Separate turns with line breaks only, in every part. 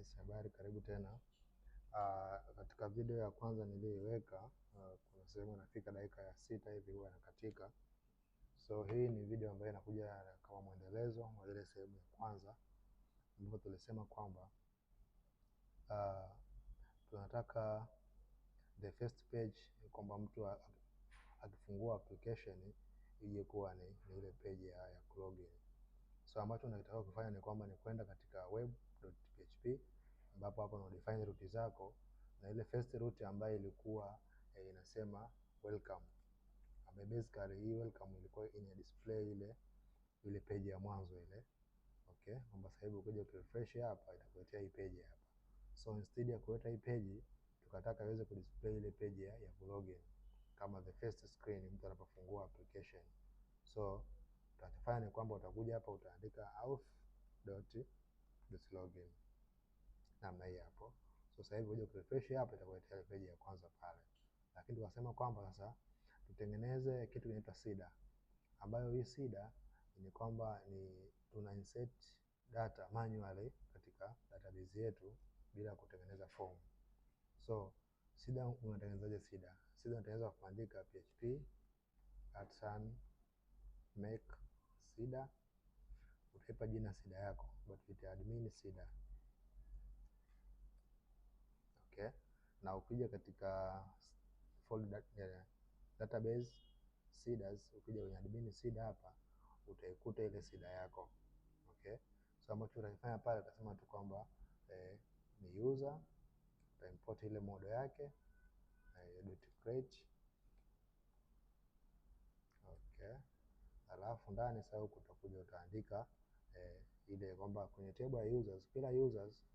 KS habari, karibu tena. Uh, katika video ya kwanza niliyoiweka, uh, kuna sehemu inafika dakika ya sita hivi huwa inakatika. So hii ni video ambayo inakuja kama mwendelezo wa ile sehemu ya kwanza ambapo tulisema kwamba uh, tunataka the first page kwamba mtu akifungua application ije kuwa ni, ni ile page ya, ya login. So ambacho unatakiwa kufanya ni kwamba ni kwenda katika web.php ambapo hapo una define route zako na ile first route ambayo ilikuwa eh, inasema welcome ambayo basically hii welcome ilikuwa ina display ile ile page ya mwanzo ile okay, kwamba sasa hivi ukija ukirefresh hapa itakuletea hii page hapa. So instead ya kuleta hii page, tukataka iweze ku display ile page ya, ya login kama the first screen mtu anapofungua application. So utakifanya ni kwamba utakuja hapa utaandika auth dot login namna hii hapo. So sasa hivi uje kurefresh hapa, itakuwa tayari page ya kwanza pale, lakini tukasema kwamba sasa tutengeneze kitu kinaitwa sida, ambayo hii sida ni kwamba ni tuna insert data manually katika database yetu bila kutengeneza form. So sida, unatengenezaje sida? Sida unatengeneza kwa kuandika php artisan make sida, utaipa jina sida yako, but it admin sida okay? Na ukija katika folder database seeders, ukija kwenye admin seeder hapa utaikuta ile seeder yako okay? So ambacho utakifanya pale utasema tu kwamba eh, ni user import ile modo yake eh, create okay, alafu ndani sasa huku utakuja utaandika eh, ile kwamba kwenye table ya users, kila users,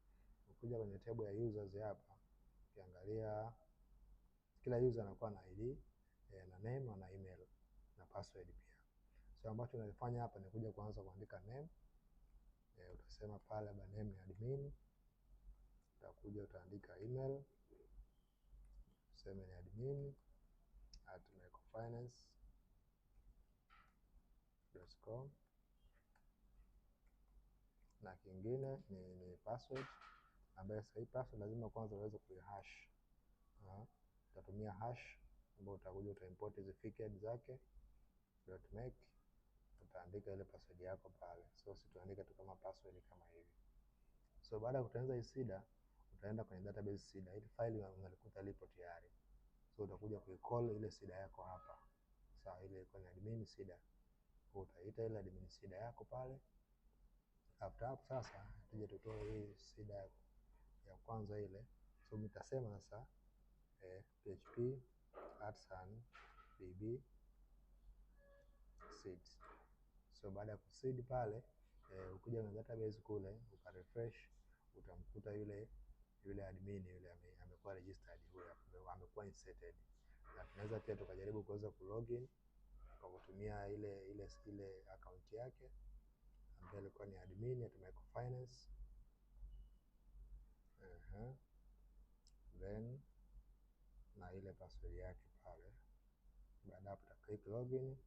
ukija kwenye table ya users hapa ukiangalia kila user anakuwa na ID eh, na name na email na password pia. So ambacho tunafanya hapa ni kuja kuanza kuandika name eh, utasema pale ba name ni admin, utakuja utaandika email tuseme ni admin at microfinance.com na kingine ni, ni password ambayo sahihi hii password lazima kwanza uweze kuihash. Uh, utatumia hash ambayo utakuja utaimport hizi fikehead zake dot make utaandika ile password yako pale. So situandika tu kama password kama hivi. So baada ya kutengeneza hii sida utaenda kwenye database sida. ile file unalikuta lipo tayari. So utakuja kuicall ile sida yako hapa. Sawa, ile iko ni admin sida. Kwa utaita ile admin sida yako pale. After hapo sasa tuje tutoe hii sida yako ya kwanza ile, so nitasema sasa eh, php artisan db seeds. So baada ya kuseed pale eh, ukuja kwenye database kule uka refresh utamkuta yule yule admin yule amekuwa registered, huyo amekuwa inserted, na tunaweza pia tukajaribu kuweza ku login kwa kutumia ile ile ile account yake ambayo ilikuwa ni admin ya Finance ehe, then na ile password yake pale. Baada hapo utaklik login,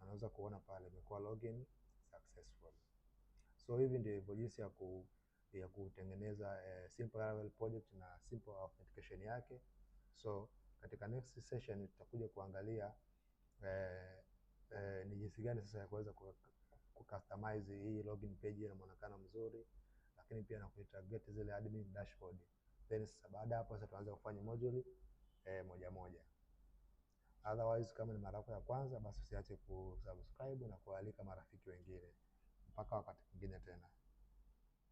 anaweza kuona pale imekuwa login successful. So hivi ndivyo jinsi ya ku ya kutengeneza eh, simple Laravel project na simple authentication yake. So katika next session tutakuja kuangalia eh, eh, ni jinsi gani sasa ya kuweza ku customize hii login page na muonekano mzuri lakini pia na kuintegrate zile admin dashboard. Then sasa baada hapo sasa tuanze kufanya module eh, moja moja. Otherwise kama ni mara yako ya kwanza, basi usiache kusubscribe na kualika marafiki wengine. Mpaka wakati mwingine tena.